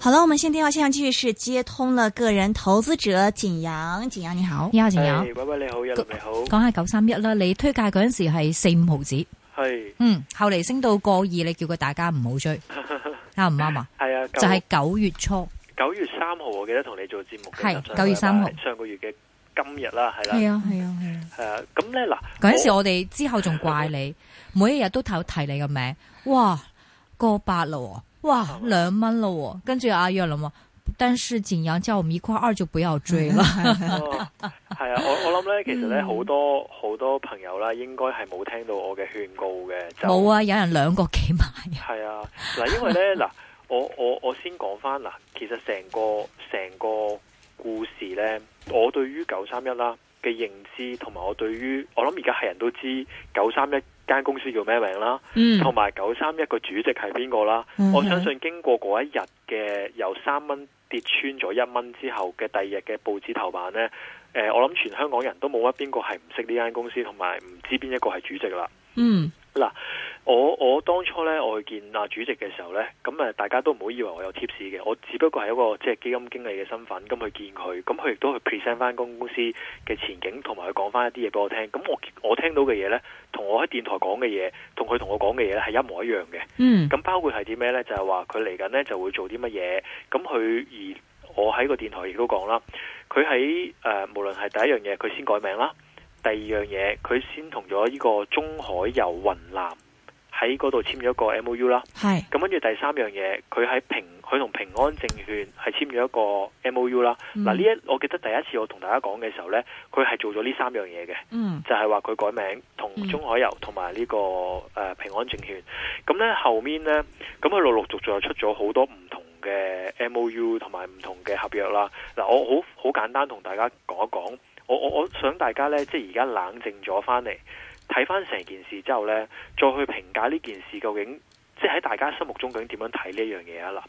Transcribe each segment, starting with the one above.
好啦，我們先電話線上繼續，是接通了個人投資者景陽，景陽你好，你好景陽，喂你好，你好。講下九三一啦，你推介嗰陣時係四五毫子，係，嗯，後嚟升到過二，你叫佢大家唔好追，啱唔啱啊？係啊，就係九月初，九月三號我記得同你做節目，係九月三號，上個月嘅今日啦，係啦，係啊係啊係啊，係啊，咁咧嗱，嗰陣時我哋之後仲怪你，每一日都提提你個名，哇，過八囉。哇，兩蚊咯，跟住阿月咯，但是景羊叫我們一塊二就不要追啦 哦。係啊，我我諗咧，其實咧好多好多朋友啦，應該係冇聽到我嘅勸告嘅。就冇啊，有人兩個幾萬。係 啊，嗱，因為咧嗱，我我我先講翻嗱，其實成個成個故事咧，我對於九三一啦嘅認知，同埋我對於我諗而家係人都知九三一。間公司叫咩名啦？同埋九三一嘅主席係邊個啦？嗯、我相信經過嗰一日嘅，由三蚊跌穿咗一蚊之後嘅第二日嘅報紙頭版呢，呃、我諗全香港人都冇乜邊個係唔識呢間公司，同埋唔知邊一個係主席啦。嗯。嗱，我我當初咧我去見阿主席嘅時候咧，咁誒大家都唔好以為我有 tips 嘅，我只不過係一個即係基金經理嘅身份，咁去見佢，咁佢亦都去 present 翻公司嘅前景，同埋佢講翻一啲嘢俾我聽，咁我我聽到嘅嘢咧，同我喺電台講嘅嘢，同佢同我講嘅嘢咧係一模一樣嘅。嗯，咁包括係啲咩咧？就係話佢嚟緊咧就會做啲乜嘢，咁佢而我喺個電台亦都講啦，佢喺誒，無論係第一樣嘢，佢先改名啦。第二樣嘢，佢先同咗呢個中海油雲南喺嗰度簽咗一個 M O U 啦是，係。咁跟住第三樣嘢，佢喺平佢同平安證券係簽咗一個 M O U、嗯、啦。嗱呢一我記得第一次我同大家講嘅時候呢，佢係做咗呢三樣嘢嘅，嗯，就係話佢改名同中海油同埋呢個誒、呃、平安證券。咁呢，後面呢，咁佢陸陸續續又出咗好多唔同嘅 M O U 同埋唔同嘅合約啦。嗱，我好好簡單同大家講一講。我我我想大家呢，即係而家冷靜咗返嚟，睇翻成件事之後呢，再去評價呢件事究竟，即係喺大家心目中究竟點樣睇呢樣嘢啊？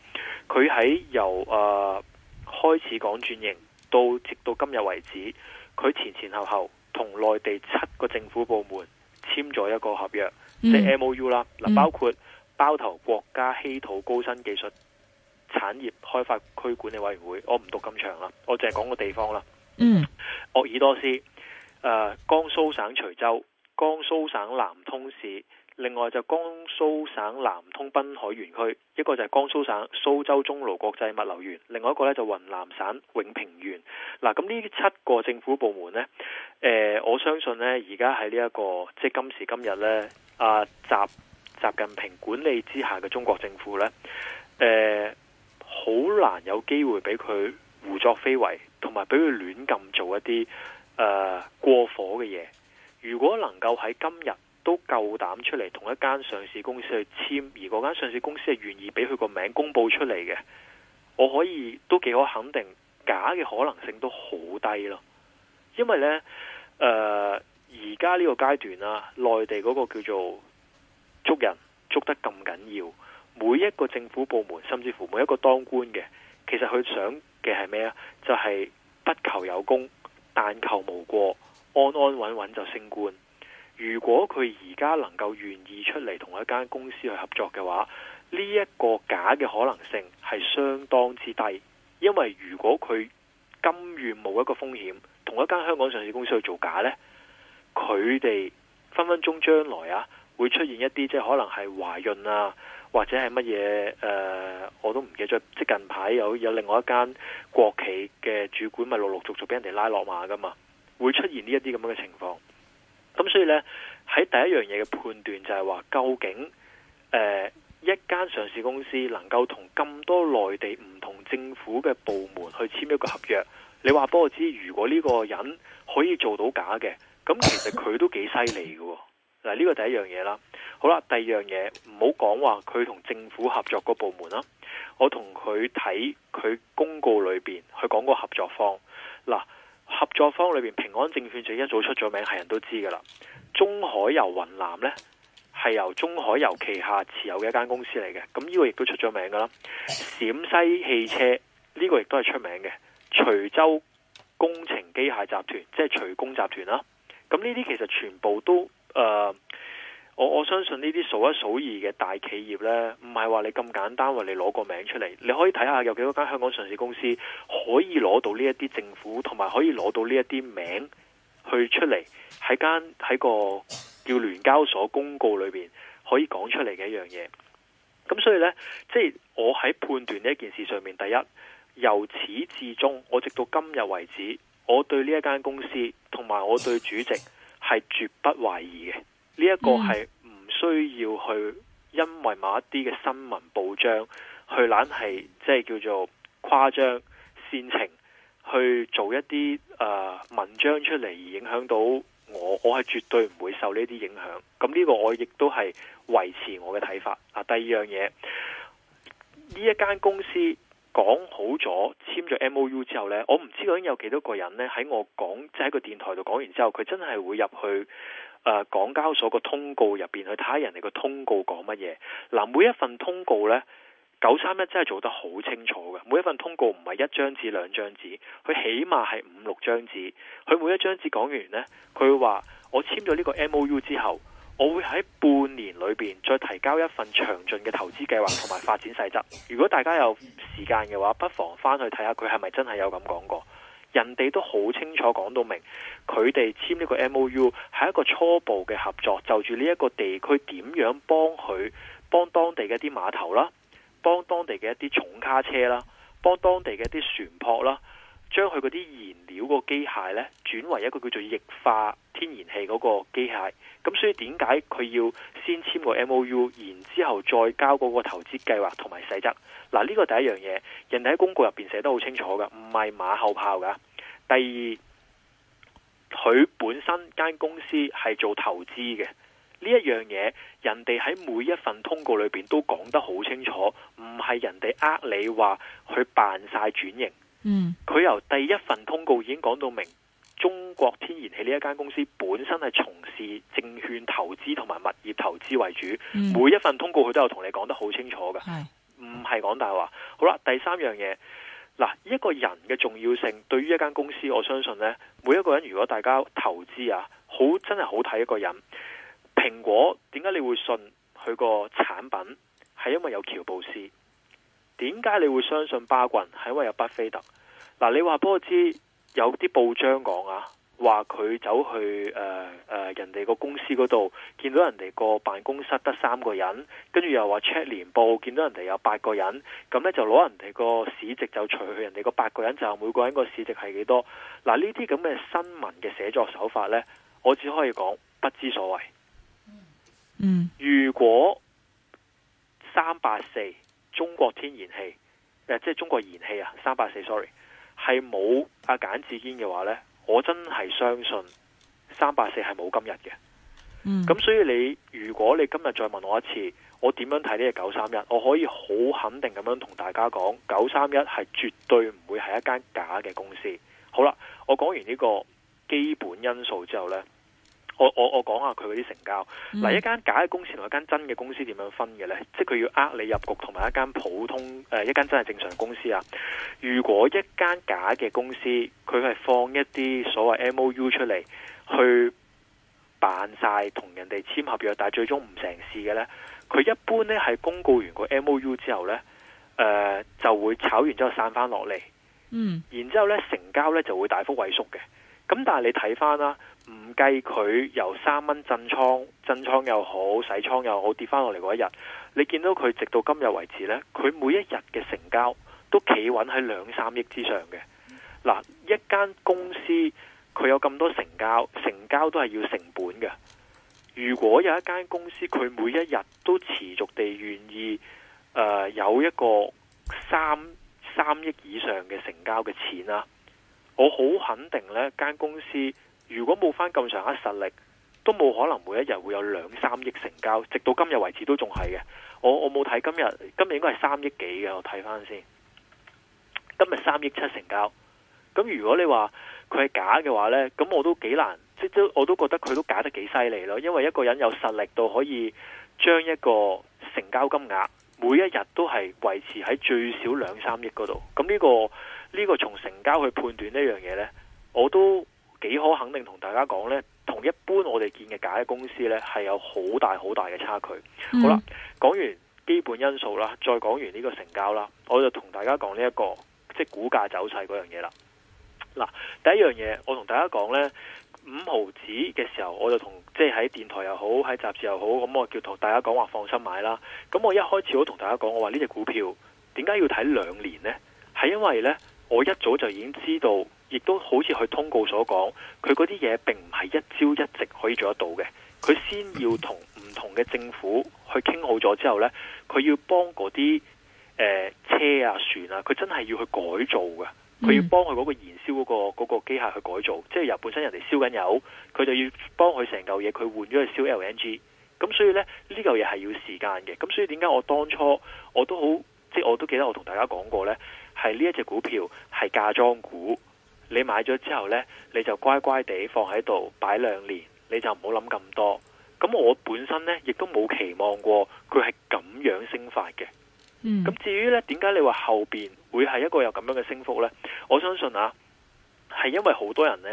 嗱，佢喺由誒、呃、開始講轉型，到直到今日為止，佢前前後後同內地七個政府部門簽咗一個合約，即係、嗯、M O U 啦。嗱、嗯，包括包頭國家稀土高新技術產業開發區管理委員會，我唔讀咁長啦，我淨係講個地方啦。嗯，鄂爾多斯、誒、呃、江蘇省徐州、江蘇省南通市，另外就江蘇省南通濱海園區，一個就係江蘇省蘇州中路國際物流園，另外一個咧就雲南省永平縣。嗱、啊，咁呢七個政府部門呢，誒、呃，我相信呢而家喺呢一個即係今時今日呢，啊習習近平管理之下嘅中國政府呢，誒、呃，好難有機會俾佢。胡作非為，同埋俾佢亂咁做一啲誒、呃、過火嘅嘢。如果能夠喺今日都夠膽出嚟同一間上市公司去簽，而嗰間上市公司係願意俾佢個名公布出嚟嘅，我可以都幾可肯定假嘅可能性都好低咯。因為呢，誒而家呢個階段啊，內地嗰個叫做捉人捉得咁緊要，每一個政府部門，甚至乎每一個當官嘅，其實佢想嘅係咩啊？就係、是、不求有功，但求無過，安安穩穩就升官。如果佢而家能夠願意出嚟同一間公司去合作嘅話，呢、這、一個假嘅可能性係相當之低。因為如果佢甘願冒一個風險，同一間香港上市公司去做假咧，佢哋分分鐘將來啊會出現一啲即係可能係華潤啊。或者係乜嘢？誒，我都唔記得。即近排有有另外一間國企嘅主管，咪陸陸續續俾人哋拉落馬噶嘛？會出現呢一啲咁樣嘅情況。咁所以呢，喺第一樣嘢嘅判斷就係話，究竟一間上市公司能夠同咁多內地唔同政府嘅部門去簽一個合約？你話俾我知，如果呢個人可以做到假嘅，咁其實佢都幾犀利嘅。嗱，呢個第一樣嘢啦。好啦，第二樣嘢，唔好講話佢同政府合作個部門啦。我同佢睇佢公告裏邊佢講個合作方。嗱，合作方裏邊平安證券就一早出咗名，係人都知噶啦。中海油雲南呢，係由中海油旗下持有嘅一間公司嚟嘅，咁呢個亦都出咗名噶啦。陝西汽車呢個亦都係出名嘅。徐州工程機械集團即係徐工集團啦。咁呢啲其實全部都誒。呃我我相信呢啲數一數二嘅大企業呢，唔係話你咁簡單，話你攞個名出嚟。你可以睇下有幾多間香港上市公司可以攞到呢一啲政府，同埋可以攞到呢一啲名去出嚟，喺間喺個叫聯交所公告裏邊可以講出嚟嘅一樣嘢。咁所以呢，即係我喺判斷呢一件事上面，第一，由始至終，我直到今日為止，我對呢一間公司同埋我對主席係絕不懷疑嘅。呢一、嗯、個係唔需要去，因為某一啲嘅新聞報章去，去攬係即係叫做誇張煽情，去做一啲誒、呃、文章出嚟，而影響到我，我係絕對唔會受呢啲影響。咁呢個我亦都係維持我嘅睇法。啊，第二樣嘢，呢一間公司講好咗簽咗 MOU 之後呢，我唔知究竟有幾多個人呢喺我講，即、就、喺、係、個電台度講完之後，佢真係會入去。誒、呃、港交所個通告入邊去睇下人哋個通告講乜嘢。嗱，每一份通告呢，九三一真係做得好清楚嘅。每一份通告唔係一張紙兩張紙，佢起碼係五六張紙。佢每一張紙講完呢，佢話我簽咗呢個 MOU 之後，我會喺半年裏邊再提交一份詳盡嘅投資計劃同埋發展細則。如果大家有時間嘅話，不妨翻去睇下佢係咪真係有咁講過。人哋都好清楚講到明，佢哋簽呢個 MOU 係一個初步嘅合作，就住呢一個地區點樣幫佢幫當地嘅啲碼頭啦，幫當地嘅一啲重卡車啦，幫當地嘅一啲船舶啦。將佢嗰啲燃料嗰個機械呢，轉為一個叫做液化天然氣嗰個機械。咁所以點解佢要先簽個 MOU，然之後再交嗰個投資計劃同埋細則？嗱，呢個第一樣嘢，人哋喺公告入邊寫得好清楚噶，唔係馬後炮噶。第二，佢本身間公司係做投資嘅，呢一樣嘢，人哋喺每一份通告裏邊都講得好清楚，唔係人哋呃你話佢扮晒轉型。嗯，佢由第一份通告已經講到明，中國天然氣呢一間公司本身係從事證券投資同埋物業投資為主。嗯、每一份通告佢都有同你講得好清楚噶，唔係講大話。好啦，第三樣嘢，嗱，一個人嘅重要性對於一間公司，我相信呢，每一個人如果大家投資啊，好真係好睇一個人。蘋果點解你會信佢個產品？係因為有喬布斯。點解你會相信巴郡？係因為有巴菲特。嗱、啊，你話俾我知有啲報章講啊，話佢走去誒誒、呃呃、人哋個公司嗰度，見到人哋個辦公室得三個人，跟住又話 check 年報，見到人哋有八個人，咁呢就攞人哋個市值就除去人哋個八個人，就每個人個市值係幾多？嗱、啊，呢啲咁嘅新聞嘅寫作手法呢，我只可以講不知所謂。嗯、如果三八四。中國天然氣誒、呃，即係中國燃氣啊，三八四，sorry，係冇阿簡志堅嘅話呢，我真係相信三八四係冇今日嘅。咁、嗯、所以你如果你今日再問我一次，我點樣睇呢個九三一？我可以好肯定咁樣同大家講，九三一係絕對唔會係一間假嘅公司。好啦，我講完呢個基本因素之後呢。我我我講下佢嗰啲成交，嗱、嗯、一間假嘅公司同一間真嘅公司點樣分嘅呢？即係佢要呃你入局，同埋一間普通誒、呃、一間真係正常公司啊！如果一間假嘅公司，佢係放一啲所謂 MOU 出嚟，去辦晒同人哋簽合約，但係最終唔成事嘅呢，佢一般呢係公告完個 MOU 之後呢，誒、呃、就會炒完之後散翻落嚟，嗯、然之後呢成交呢就會大幅萎縮嘅。咁但係你睇翻啦，唔計佢由三蚊震倉，震倉又好，洗倉又好，跌翻落嚟嗰一日，你見到佢直到今日為止呢，佢每一日嘅成交都企穩喺兩三億之上嘅。嗱，一間公司佢有咁多成交，成交都係要成本嘅。如果有一間公司佢每一日都持續地願意、呃、有一個三三億以上嘅成交嘅錢啦、啊。我好肯定呢間公司如果冇翻咁上下實力，都冇可能每一日會有兩三億成交。直到今日為止都仲係嘅。我我冇睇今日，今日應該係三億幾嘅。我睇翻先，今日三億七成交。咁如果你話佢係假嘅話呢，咁我都幾難，即都我都覺得佢都假得幾犀利咯。因為一個人有實力到可以將一個成交金額每一日都係維持喺最少兩三億嗰度，咁呢個。呢個從成交去判斷呢樣嘢呢，我都幾可肯定同大家講呢，同一般我哋見嘅假嘅公司呢，係有好大好大嘅差距。嗯、好啦，講完基本因素啦，再講完呢個成交啦，我就同大家講呢、這、一個即係股價走勢嗰樣嘢啦。嗱，第一樣嘢我同大家講呢，五毫子嘅時候，我就同即係喺電台又好，喺雜誌又好，咁我叫同大家講話放心買啦。咁我一開始我同大家講，我話呢隻股票點解要睇兩年呢？係因為呢。我一早就已經知道，亦都好似佢通告所講，佢嗰啲嘢並唔係一朝一夕可以做得到嘅。佢先要同唔同嘅政府去傾好咗之後呢，佢要幫嗰啲誒車啊、船啊，佢真係要去改造嘅。佢要幫佢嗰個燃燒嗰個嗰個機械去改造，即係由本身人哋燒緊油，佢就要幫佢成嚿嘢佢換咗去燒 LNG。咁所以呢，呢嚿嘢係要時間嘅。咁所以點解我當初我都好，即我都記得我同大家講過呢，係呢一隻股票係嫁妝股，你買咗之後呢，你就乖乖地放喺度擺兩年，你就唔好諗咁多。咁我本身呢，亦都冇期望過佢係咁樣升法嘅。咁、嗯、至於呢，點解你話後邊會係一個有咁樣嘅升幅呢？我相信啊，係因為好多人呢，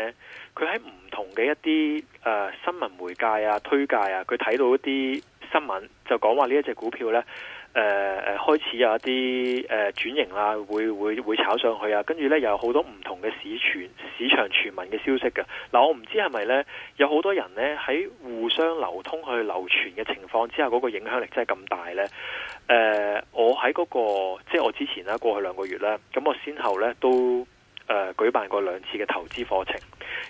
佢喺唔同嘅一啲誒、呃、新聞媒介啊推介啊，佢睇到一啲新聞就講話呢一隻股票呢。誒誒、呃、開始有一啲誒、呃、轉型啦，會會會炒上去啊！跟住咧，有好多唔同嘅市傳市場傳聞嘅消息嘅。嗱、呃，我唔知係咪咧，有好多人咧喺互相流通去流傳嘅情況之下，嗰、那個影響力真係咁大咧？誒、呃，我喺嗰、那個即係我之前啦，過去兩個月咧，咁我先後咧都誒、呃、舉辦過兩次嘅投資課程。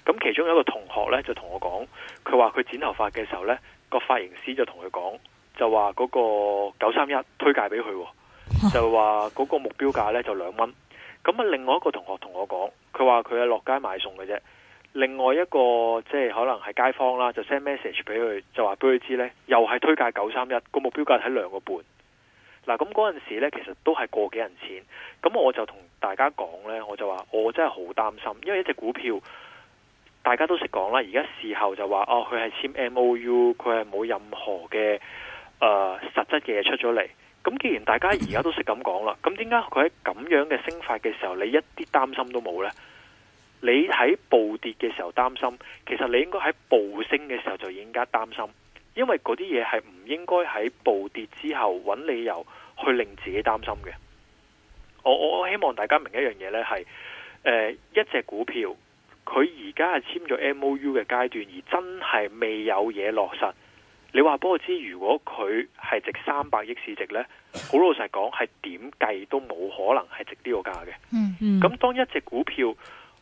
咁其中有一個同學咧就同我講，佢話佢剪頭髮嘅時候咧，個髮型師就同佢講。就話嗰個九三一推介俾佢，就話嗰個目標價呢就兩蚊。咁啊，另外一個同學同我講，佢話佢係落街買餸嘅啫。另外一個即係可能係街坊啦，就 send message 俾佢，就話俾佢知呢又係推介九三一，個目標價喺兩個半。嗱，咁嗰陣時呢，其實都係過幾人錢。咁我就同大家講呢，我就話我真係好擔心，因為一隻股票大家都識講啦。而家事後就話哦，佢係簽 MOU，佢係冇任何嘅。誒、呃，實質嘅嘢出咗嚟，咁既然大家而家都識咁講啦，咁點解佢喺咁樣嘅升法嘅時候，你一啲擔心都冇呢？你喺暴跌嘅時候擔心，其實你應該喺暴升嘅時候就應該擔心，因為嗰啲嘢係唔應該喺暴跌之後搵理由去令自己擔心嘅。我我希望大家明一樣嘢呢，係、呃、一隻股票佢而家係簽咗 MOU 嘅階段，而真係未有嘢落實。你話俾我知，如果佢係值三百億市值呢，好老實講係點計都冇可能係值呢個價嘅。咁、嗯嗯、當一隻股票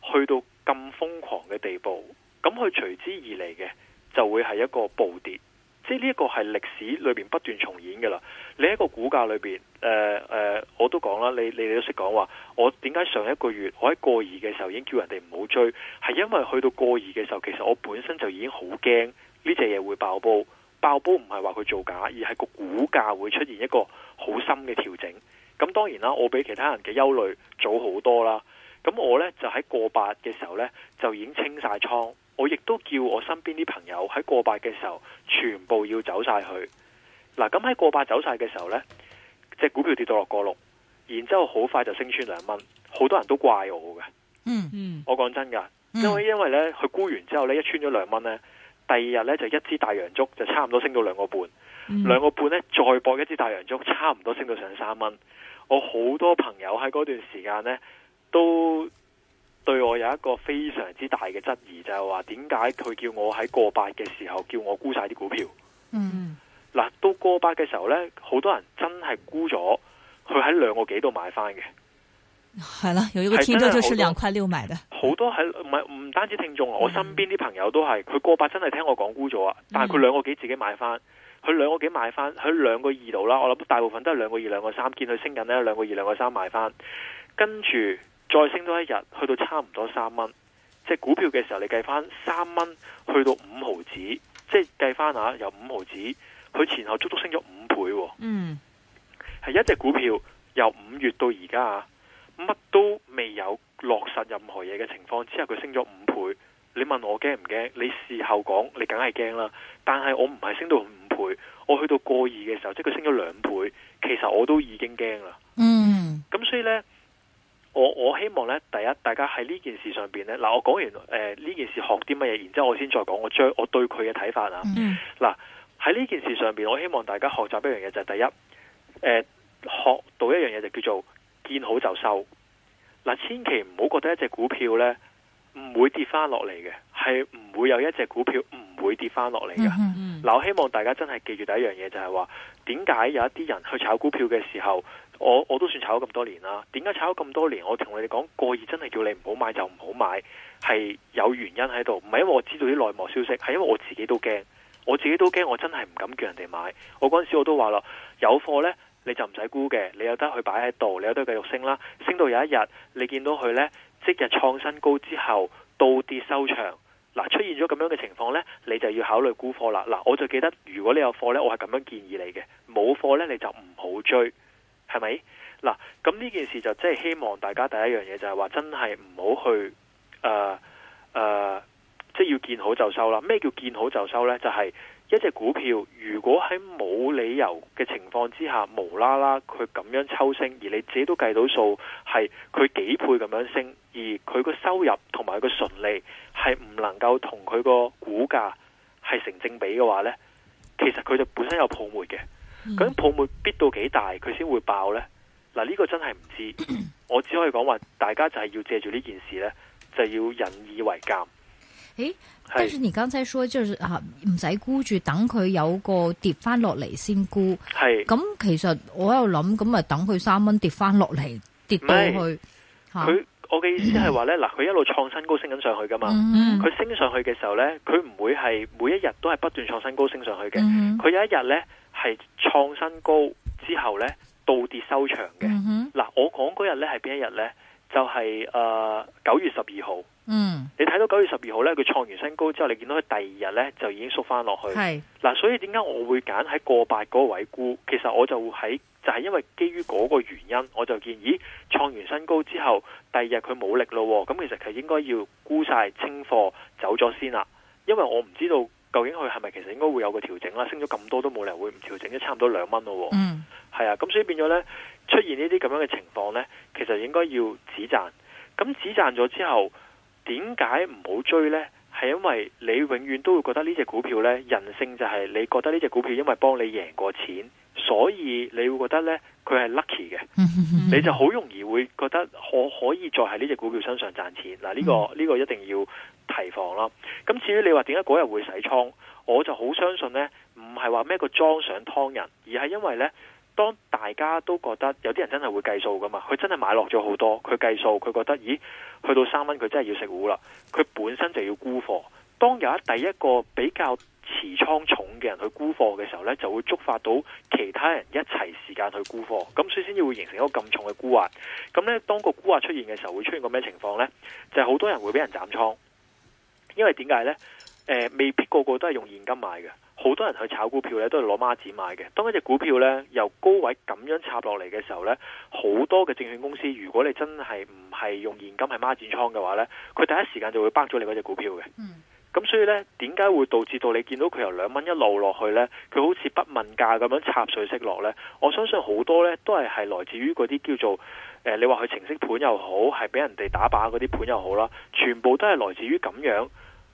去到咁瘋狂嘅地步，咁佢隨之而嚟嘅就會係一個暴跌。即係呢一個係歷史裏邊不斷重演嘅啦。你喺個股價裏邊，誒、呃、誒，我都講啦，你你哋都識講話。我點解上一個月我喺過二嘅時候已經叫人哋唔好追，係因為去到過二嘅時候，其實我本身就已經好驚呢隻嘢會爆煲。爆煲唔係話佢造假，而係個股價會出現一個好深嘅調整。咁當然啦，我比其他人嘅憂慮早好多啦。咁我呢，就喺過八嘅時候呢，就已經清晒倉。我亦都叫我身邊啲朋友喺過八嘅時候全部要走晒佢。嗱，咁喺過八走晒嘅時候呢，隻股票跌到落過六，然之後好快就升穿兩蚊。好多人都怪我嘅。嗯嗯，我講真噶，因為因為咧，佢沽完之後呢，一穿咗兩蚊呢。第二日咧就一支大陽燭就差唔多升到兩個半，兩個半咧再搏一支大陽燭，差唔多升到上三蚊。我好多朋友喺嗰段時間咧都對我有一個非常之大嘅質疑，就係話點解佢叫我喺過百嘅時候叫我沽晒啲股票？嗯，嗱，都過百嘅時候咧，好多人真係沽咗，佢喺兩個幾度買翻嘅。係啦，有一個聽眾就是兩塊六買嘅，好多係唔係唔單止聽眾，嗯、我身邊啲朋友都係佢過百真係聽我講估咗啊！但係佢兩個幾自己買翻，佢兩個幾買翻，佢兩個二度啦。我諗大部分都係兩個二、兩個三，見佢升緊呢，兩個二、兩個三買翻，跟住再升多一日，去到差唔多三蚊。即係股票嘅時候，你計翻三蚊去到五毫紙，即係計翻吓由五毫紙，佢前後足足升咗五倍。嗯，係一隻股票由五月到而家。啊。乜都未有落實任何嘢嘅情況之下，佢升咗五倍。你問我驚唔驚？你事後講，你梗係驚啦。但係我唔係升到五倍，我去到過二嘅時候，即係佢升咗兩倍，其實我都已經驚啦。嗯，咁所以咧，我我希望咧，第一，大家喺呢件事上邊咧，嗱，我講完誒呢、呃、件事學啲乜嘢，然之後我先再講我將我對佢嘅睇法啊。嗱，喺呢件事上邊，我希望大家學習一樣嘢就係、是、第一，誒、呃、學到一樣嘢就叫做，見好就收，嗱、啊，千祈唔好覺得一隻股票呢，唔會跌翻落嚟嘅，係唔會有一隻股票唔會跌翻落嚟嘅。嗱、mm hmm. 啊，我希望大家真係記住第一樣嘢，就係話點解有一啲人去炒股票嘅時候，我我都算炒咗咁多年啦、啊。點解炒咗咁多年，我同你哋講，過意真係叫你唔好買就唔好買，係有原因喺度，唔係因為我知道啲內幕消息，係因為我自己都驚，我自己都驚，我真係唔敢叫人哋買。我嗰陣時我都話啦，「有貨呢。」你就唔使沽嘅，你有得佢擺喺度，你有得繼續升啦，升到有一日你見到佢呢，即日創新高之後到跌收場。嗱，出現咗咁樣嘅情況呢，你就要考慮沽貨啦。嗱，我就記得如果你有貨呢，我係咁樣建議你嘅，冇貨呢，你就唔好追，係咪？嗱，咁呢件事就即係希望大家第一樣嘢就係話真係唔好去誒誒，即係要見好就收啦。咩叫見好就收呢？就係。一隻股票如果喺冇理由嘅情況之下無啦啦佢咁樣抽升，而你自己都計到數係佢幾倍咁樣升，而佢個收入同埋佢個純利係唔能夠同佢個股價係成正比嘅話呢，其實佢就本身有泡沫嘅。咁泡沫逼到幾大，佢先會爆呢？嗱、啊、呢、呢個真係唔知，我只可以講話，大家就係要借住呢件事呢，就要引以為鑒。誒、欸，但是，你剛才說，就是吓唔使估住等佢有個跌翻落嚟先估，係咁是其實我喺度諗，咁咪等佢三蚊跌翻落嚟跌到去。佢是、啊、我嘅意思係話咧，嗱，佢一路創新高升緊上去噶嘛，佢、嗯、哼升上去嘅時候咧，佢唔會係每一日都係不斷創新高升上去嘅，佢、嗯、哼有一日咧係創新高之後咧倒跌收場嘅。嗱、嗯哼，我講嗰日咧係邊一日咧？就係誒九月十二號。嗯，你睇到九月十二號咧，佢創完新高之後，你見到佢第二日咧就已經縮翻落去。係嗱是、啊，所以點解我會揀喺過百嗰個位沽？其實我就喺就係、是、因為基於嗰個原因，我就建議創完新高之後，第二日佢冇力咯。咁其實佢應該要沽晒清貨走咗先啦。因為我唔知道究竟佢係咪其實應該會有個調整啦，升咗咁多都冇理由會唔調整，都差唔多兩蚊咯。嗯，係啊。咁所以變咗咧出現這這呢啲咁樣嘅情況咧，其實應該要止賺。咁止賺咗之後。點解唔好追呢？係因為你永遠都會覺得呢隻股票咧，人性就係你覺得呢隻股票因為幫你贏過錢，所以你會覺得呢，佢係 lucky 嘅， 你就好容易會覺得可可以再喺呢隻股票身上賺錢。嗱、呢個，呢個呢個一定要提防啦。咁至於你話點解嗰日會洗倉，我就好相信呢，唔係話咩個裝想劏人，而係因為呢。當大家都覺得有啲人真係會計數㗎嘛，佢真係買落咗好多，佢計數，佢覺得咦，去到三蚊佢真係要食糊啦，佢本身就要沽貨。當有一第一個比較持倉重嘅人去沽貨嘅時候呢，就會觸發到其他人一齊時間去沽貨，咁所以先至會形成一個咁重嘅沽壓。咁呢，當個沽壓出現嘅時候，會出現個咩情況呢？就係、是、好多人會俾人斬倉，因為點解呢、呃？未必個個都係用現金買嘅。好多人去炒股票咧，都係攞孖展買嘅。當一隻股票咧由高位咁樣插落嚟嘅時候咧，好多嘅證券公司，如果你真係唔係用現金係孖展倉嘅話咧，佢第一時間就會崩咗你嗰隻股票嘅。嗯。咁所以咧，點解會導致到你見到佢由兩蚊一路落去咧？佢好似不問價咁樣插水式落咧。我相信好多咧都係係來自於嗰啲叫做誒、呃，你話佢程式盤又好，係俾人哋打靶嗰啲盤又好啦，全部都係來自於咁樣。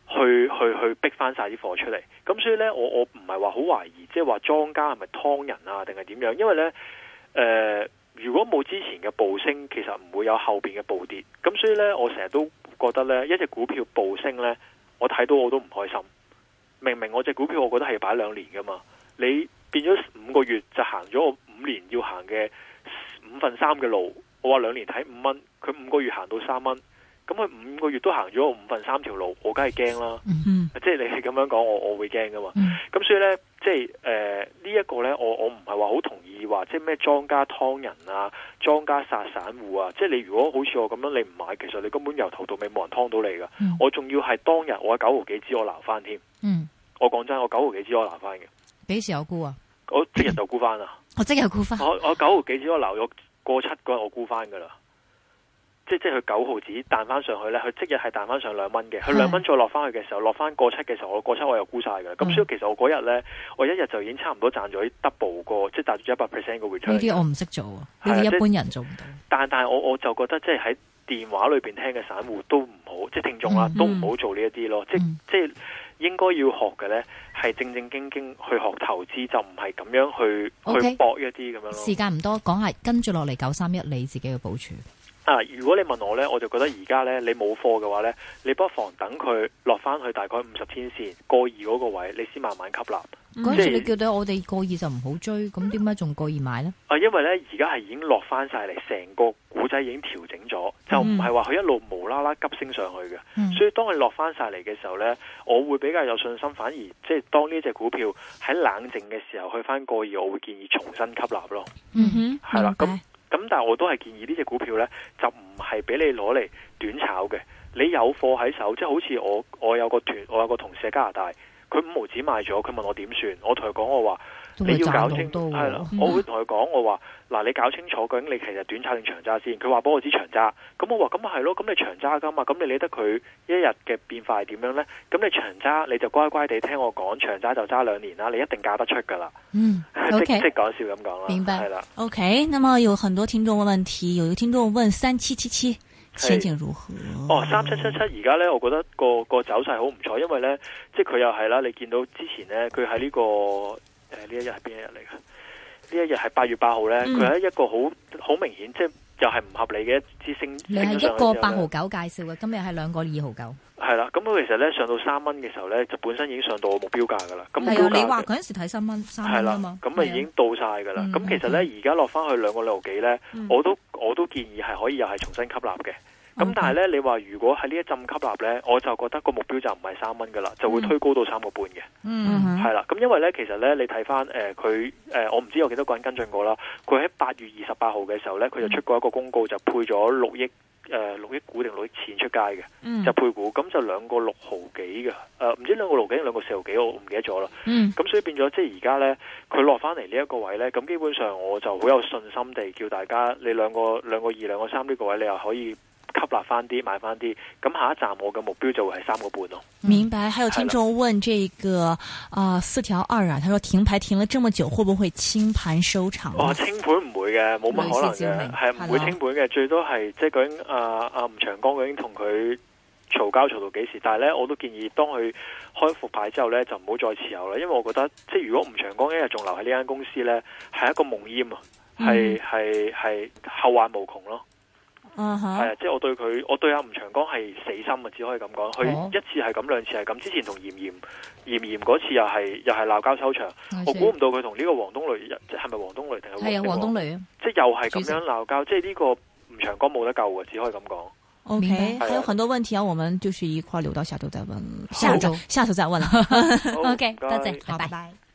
去去去逼翻晒啲貨出嚟，咁所以呢，我我唔係話好懷疑，即係話莊家係咪㓥人啊，定係點樣？因為呢，誒、呃，如果冇之前嘅暴升，其實唔會有後邊嘅暴跌。咁所以呢，我成日都覺得呢，一隻股票暴升呢，我睇到我都唔開心。明明我隻股票，我覺得係要擺兩年噶嘛，你變咗五個月就行咗我五年要行嘅五分三嘅路，我話兩年睇五蚊，佢五個月行到三蚊。咁佢五個月都行咗五分三條路，我梗係驚啦。嗯、哼即係你咁樣講，我我會驚噶嘛。咁、嗯、所以咧，即係誒、呃這個、呢一個咧，我我唔係話好同意話，即係咩莊家劏人啊，莊家殺散戶啊。即係你如果好似我咁樣，你唔買，其實你根本由頭到尾冇人劏到你噶、嗯。我仲要係當日我喺九毫幾支我留翻添。嗯，我講真，我九毫幾支我留翻嘅。幾時有沽啊？我即日就沽翻啊。我即日沽翻。我九毫幾支我留咗過七個我，我沽翻噶啦。即即佢九毫子彈翻上去咧，佢即日係彈翻上兩蚊嘅。佢兩蚊再落翻去嘅時候，落翻過七嘅時候，我過七我又沽曬㗎。咁、嗯、所以其實我嗰日咧，我一日就已經差唔多賺咗 double 個，即係賺咗一百 percent 嘅 return。呢啲我唔識做啊，的一般人做唔到。但但係我我就覺得，即係喺電話裏邊聽嘅散戶都唔好，即係聽眾啦，嗯嗯、都唔好做呢一啲咯。嗯、即、嗯、即應該要學嘅咧，係正正經經去學投資，就唔係咁樣去 okay，去搏一啲咁樣咯。時間唔多，講下跟住落嚟九三一你自己嘅部署。啊！如果你問我咧，我就覺得而家咧，你冇貨嘅話咧，你不妨等佢落翻去大概五十天綫過二嗰個位，你先慢慢吸納。嗰陣時、嗯就是，你叫到我哋過二就唔好追，咁點解仲過二買呢？啊，因為咧，而家係已經落翻晒嚟，成個股仔已經調整咗，就唔係話佢一路無啦啦急升上去嘅。嗯、所以當佢落翻晒嚟嘅時候咧，我會比較有信心，反而即係、就是，當呢隻股票喺冷靜嘅時候去翻過二，我會建議重新吸納咯。嗯哼，係啦咁。明白。咁但係我都係建議呢隻股票呢，就唔係俾你攞嚟短炒嘅。你有貨喺手，即係好似我，我有個團，我有個同事喺加拿大，佢五毫子賣咗，佢問我點算，我同佢講我話你要搞清，係啦，我會同佢講我話。嗯嗱、啊，你搞清楚究竟你其實短炒定長揸先？佢話俾我知長揸，咁、嗯、我話咁啊係咯，咁你長揸噶嘛？咁你理得佢一日嘅變化係點樣呢？咁你長揸你就乖乖地聽我講，長揸就揸兩年啦，你一定嫁得出噶啦。嗯，okay, 即即講笑咁講啦，明白？係啦的，OK。那麼有很多聽眾嘅問題，有一聽眾問三七七七前景如何？哦，三七七七而家呢，我覺得個個走勢好唔錯，因為呢，即佢又係啦，你見到之前呢，佢喺呢個誒呢、哎、一日係邊一日嚟嘅？呢一日係八月八號咧，佢係、嗯、一個好好明顯，即係又係唔合理嘅一支升。你係一個八毫九介紹嘅，呢今日係兩個二毫九。係啦，咁佢其實咧上到三蚊嘅時候咧，就本身已經上到目標價噶啦。咁係啊，你話嗰陣時睇三蚊，三蚊啊咁啊已經到晒噶啦。咁的其實咧，而家落翻去兩個六毫幾咧，的我都我都建議係可以又係重新吸納嘅。咁但係咧，你話如果喺呢一浸吸納咧，我就覺得個目標就唔係三蚊噶啦，就會推高到三個半嘅。嗯，係啦。咁因為咧，其實咧，你睇翻，誒，佢誒，我唔知有幾多個人跟進過啦。佢喺八月二十八號嘅時候咧，佢就出過一個公告，就配咗六億誒，六億股定六億錢出街嘅，就配股。咁就兩個六毫幾嘅，誒，唔知兩個六毫幾，兩個四毫幾，我唔記得咗啦。咁所以變咗，即係而家咧，佢落翻嚟呢一個位咧，咁基本上我就好有信心地叫大家，你兩個、兩個二，兩個三呢個位，你又可以。吸納翻啲，買翻啲，咁下一站我嘅目標就會係三個半咯。明白，還有聽眾問這個啊的、呃、四條二啊，他說停牌停了這麼久，會不會清盤收場，啊？哦，清盤唔會嘅，冇乜可能嘅，係唔會清盤嘅，的最多係即係究竟阿吳長江究竟同佢嘈交嘈到幾時，但係呢，我都建議當佢開復牌之後呢，就唔好再持有啦，因為我覺得即係、就是、如果吳長江一日仲留喺呢間公司呢，係一個夢魘啊，係係係後患無窮咯。係啊，即係我對佢，我對阿吳長江係死心啊，只可以咁講。佢一次係咁，兩次係咁。之前同閻焱，閻焱嗰次又係又係鬧交收場。Uh huh. 我估唔到佢同呢個王冬雷，係咪王冬雷定係？係啊、yeah，王冬雷啊。即係又係咁樣鬧交，即係呢個吳長江冇得救嘅，只可以咁講。OK，的還有很多問題啊，我們就是一塊留到下周再問。下周週，好下次再問啦。 好 OK，多謝，拜拜。Bye bye bye. Bye bye.